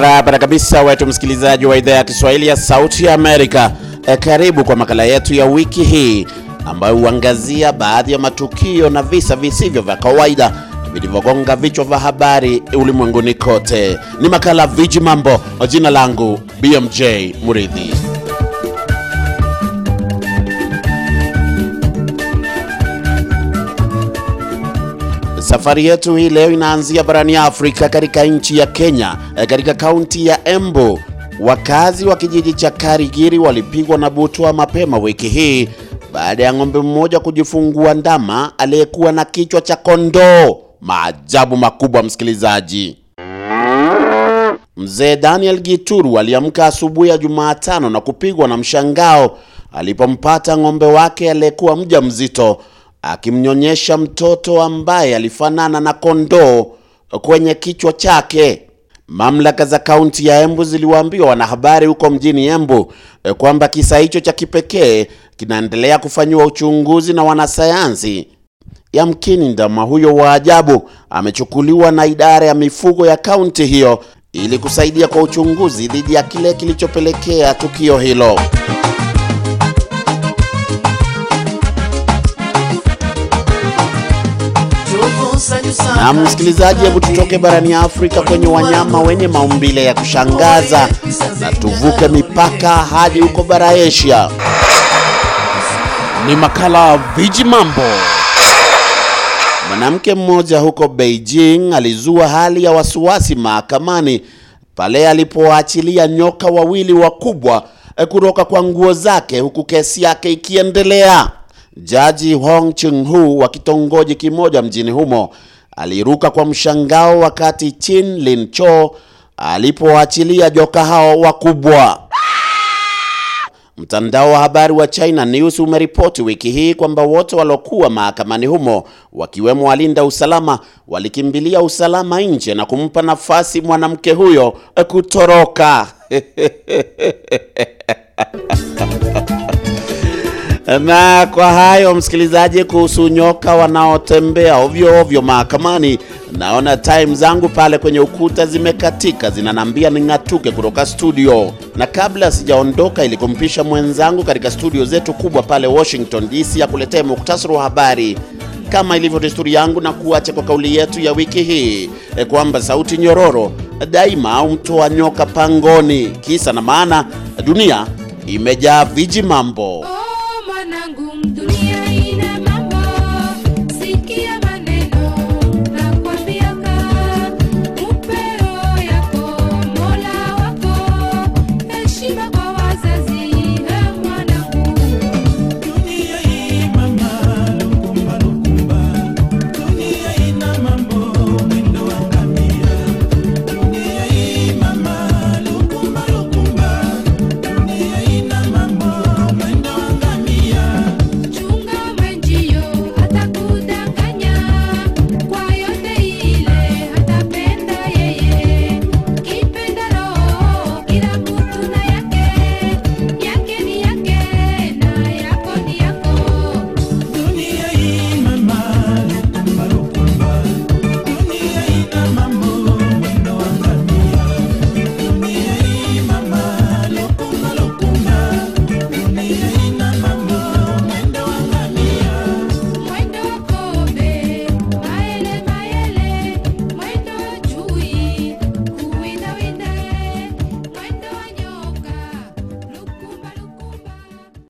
barabara kabisa, wetu msikilizaji wa idhaa ya Kiswahili ya Sauti ya Amerika. E, karibu kwa makala yetu ya wiki hii ambayo huangazia baadhi ya matukio na visa visivyo vya kawaida vilivyogonga vichwa vya habari ulimwenguni kote. Ni makala Viji Mambo. Jina langu BMJ Muridhi. Safari yetu hii leo inaanzia barani Afrika katika nchi ya Kenya, eh, katika kaunti ya Embu. Wakazi wa kijiji cha Karigiri walipigwa na butwa mapema wiki hii baada ya ng'ombe mmoja kujifungua ndama aliyekuwa na kichwa cha kondoo. Maajabu makubwa, msikilizaji. Mzee Daniel Gituru aliamka asubuhi ya Jumatano na kupigwa na mshangao alipompata ng'ombe wake aliyekuwa mjamzito akimnyonyesha mtoto ambaye alifanana na kondoo kwenye kichwa chake. Mamlaka za kaunti ya Embu ziliwaambia wanahabari huko mjini Embu eh, kwamba kisa hicho cha kipekee kinaendelea kufanyiwa uchunguzi na wanasayansi. Yamkini ndama huyo wa ajabu amechukuliwa na idara ya mifugo ya kaunti hiyo ili kusaidia kwa uchunguzi dhidi ya kile kilichopelekea tukio hilo. Na msikilizaji, hebu tutoke barani Afrika kwenye wanyama wenye maumbile ya kushangaza na tuvuke mipaka hadi huko bara Asia. Ni makala Viji Mambo. Mwanamke mmoja huko Beijing alizua hali ya wasiwasi mahakamani pale alipoachilia nyoka wawili wakubwa eh, kutoka kwa nguo zake huku kesi yake ikiendelea. Jaji Hong Chung hu wa kitongoji kimoja mjini humo aliruka kwa mshangao wakati Chin Lin Cho alipoachilia joka hao wakubwa. Mtandao wa habari wa China News umeripoti wiki hii kwamba wote waliokuwa mahakamani humo wakiwemo walinda usalama walikimbilia usalama nje na kumpa nafasi mwanamke huyo kutoroka. Na kwa hayo msikilizaji, kuhusu nyoka wanaotembea ovyo ovyo mahakamani, naona time zangu pale kwenye ukuta zimekatika, zinanambia ning'atuke kutoka studio. Na kabla sijaondoka, ili kumpisha mwenzangu katika studio zetu kubwa pale Washington DC ya kuletea muktasari wa habari, kama ilivyo desturi yangu, na kuacha kwa kauli yetu ya wiki hii e, kwamba sauti nyororo daima au wa nyoka pangoni. Kisa na maana, dunia imejaa viji mambo.